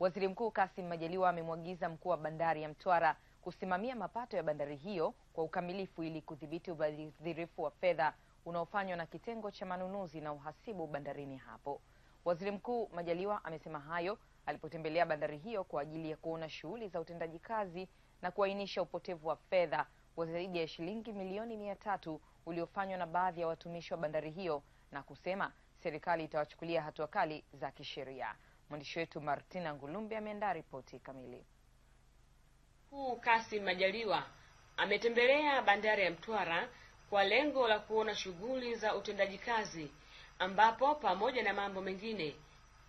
Waziri Mkuu Kassim Majaliwa amemwagiza mkuu wa bandari ya Mtwara kusimamia mapato ya bandari hiyo kwa ukamilifu ili kudhibiti ubadhirifu wa fedha unaofanywa na kitengo cha manunuzi na uhasibu bandarini hapo. Waziri Mkuu Majaliwa amesema hayo alipotembelea bandari hiyo kwa ajili ya kuona shughuli za utendaji kazi na kuainisha upotevu wa fedha wa zaidi ya shilingi milioni mia tatu uliofanywa na baadhi ya watumishi wa bandari hiyo na kusema serikali itawachukulia hatua kali za kisheria. Mwandishi wetu Martina Ngulumbi ameandaa ripoti kamili. Mkuu Kassim Majaliwa ametembelea bandari ya Mtwara kwa lengo la kuona shughuli za utendaji kazi, ambapo pamoja na mambo mengine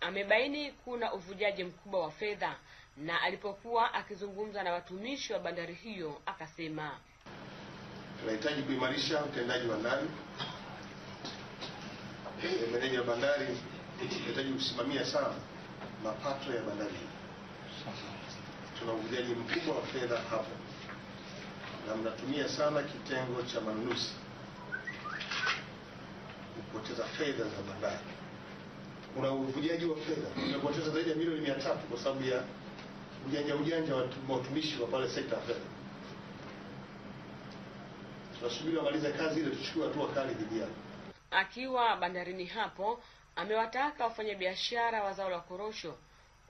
amebaini kuna uvujaji mkubwa wa fedha, na alipokuwa akizungumza na watumishi wa bandari hiyo akasema, tunahitaji kuimarisha utendaji wa ndani. Meneja bandari inahitaji kusimamia sana mapato ya bandari. Tuna uvujaji mkubwa wa fedha hapo, na mnatumia sana kitengo cha manunuzi kupoteza fedha za bandari. Kuna uvujaji wa fedha, umepoteza zaidi ya milioni mia tatu kwa sababu ya ujanja ujanja wa watumishi wa pale sekta ya fedha. Tunasubiri wamalize kazi ile tuchukue hatua kali dhidi yao. Akiwa bandarini hapo amewataka wafanyabiashara wa zao la korosho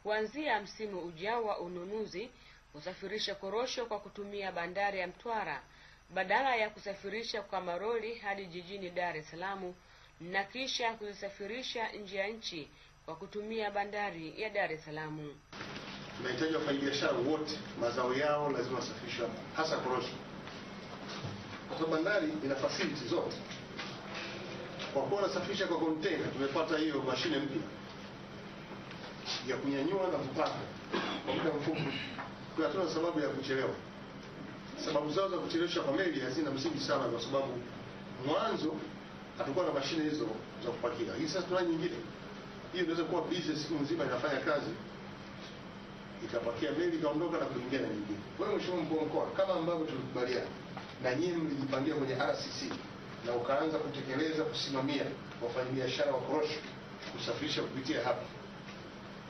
kuanzia msimu ujao wa ununuzi kusafirisha korosho kwa kutumia bandari ya Mtwara badala ya kusafirisha kwa maroli hadi jijini Dar es Salaam na kisha kuzisafirisha nje ya nchi kwa kutumia bandari ya Dar es Salaam. Tunahitaji wafanyabiashara wote, mazao yao lazima wasafirishwe hasa korosho, kwa sababu bandari ina fasiliti zote kwa kuwa unasafisha kwa kontena, tumepata hiyo mashine mpya ya kunyanyua na kupaka kwa muda mfupi, kwa hatuna sababu ya kuchelewa. Sababu zao za kuchelewesha kwa meli hazina msingi sana, kwa sababu mwanzo hatukuwa na mashine hizo za kupakia, Hii sasa tuna nyingine. Hiyo inaweza kuwa busy siku nzima inafanya kazi ikapakia meli ikaondoka na kuingia na nyingine. Wewe mheshimiwa mkuu wa mkoa, kama ambavyo tulikubaliana na nyinyi mlijipangia kwenye RCC na ukaanza kutekeleza kusimamia wafanyabiashara wa korosho kusafirisha kupitia hapa,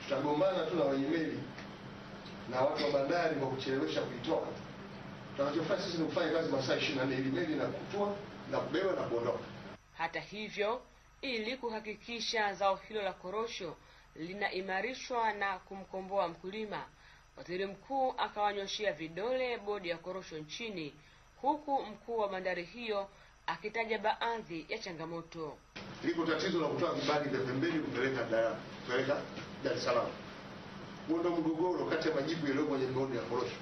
tutagombana tu na wenye meli na watu wa bandari kwa kuchelewesha kuitoka. Tunachofanya sisi ni kufanya kazi masaa nne ili meli na kutua na kubeba na kuondoka. Hata hivyo, ili kuhakikisha zao hilo la korosho linaimarishwa na kumkomboa mkulima, waziri mkuu akawanyoshea vidole bodi ya korosho nchini, huku mkuu wa bandari hiyo akitaja baadhi ya changamoto. Liko tatizo la kutoa vibali vya pembeni kupeleka kupeleka Dar es Salaam. Huo ndio mgogoro kati ya majibu yaliyo kwenye bodi ya korosho.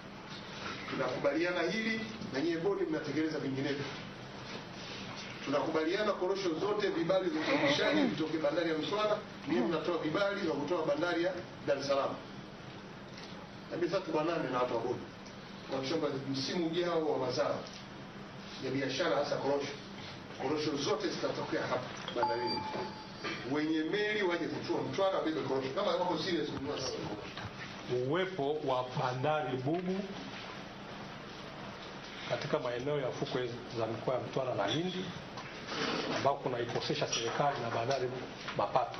Tunakubaliana hili na nyie bodi mnatekeleza vinginevyo. Tunakubaliana korosho zote vibali za usafirishaji vitoke bandari ya Mswara, nyie mnatoa vibali vya kutoa bandari ya Dar es Salaam. Kabisa tubanane na watu wa bodi kwa msimu ujao wa mazao ya biashara hasa korosho. Korosho zote zitatokea hapa bandarini. Wenye meli waje kutua Mtwara bebe korosho, kama wako serious kununua sasa korosho. Uwepo wa bandari bubu katika maeneo ya fukwe za mikoa ya Mtwara na Lindi ambao kunaikosesha serikali na bandari mapato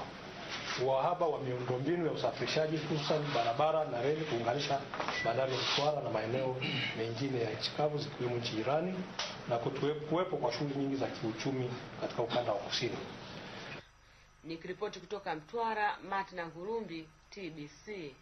uhaba wa miundombinu ya usafirishaji hususan barabara na reli kuunganisha bandari ya Mtwara na maeneo mengine ya nchi kavu zikiwemo nchi jirani na kuwepo kwa shughuli nyingi za kiuchumi katika ukanda wa kusini. Nikiripoti kutoka Mtwara, Martin Ngurumbi, TBC.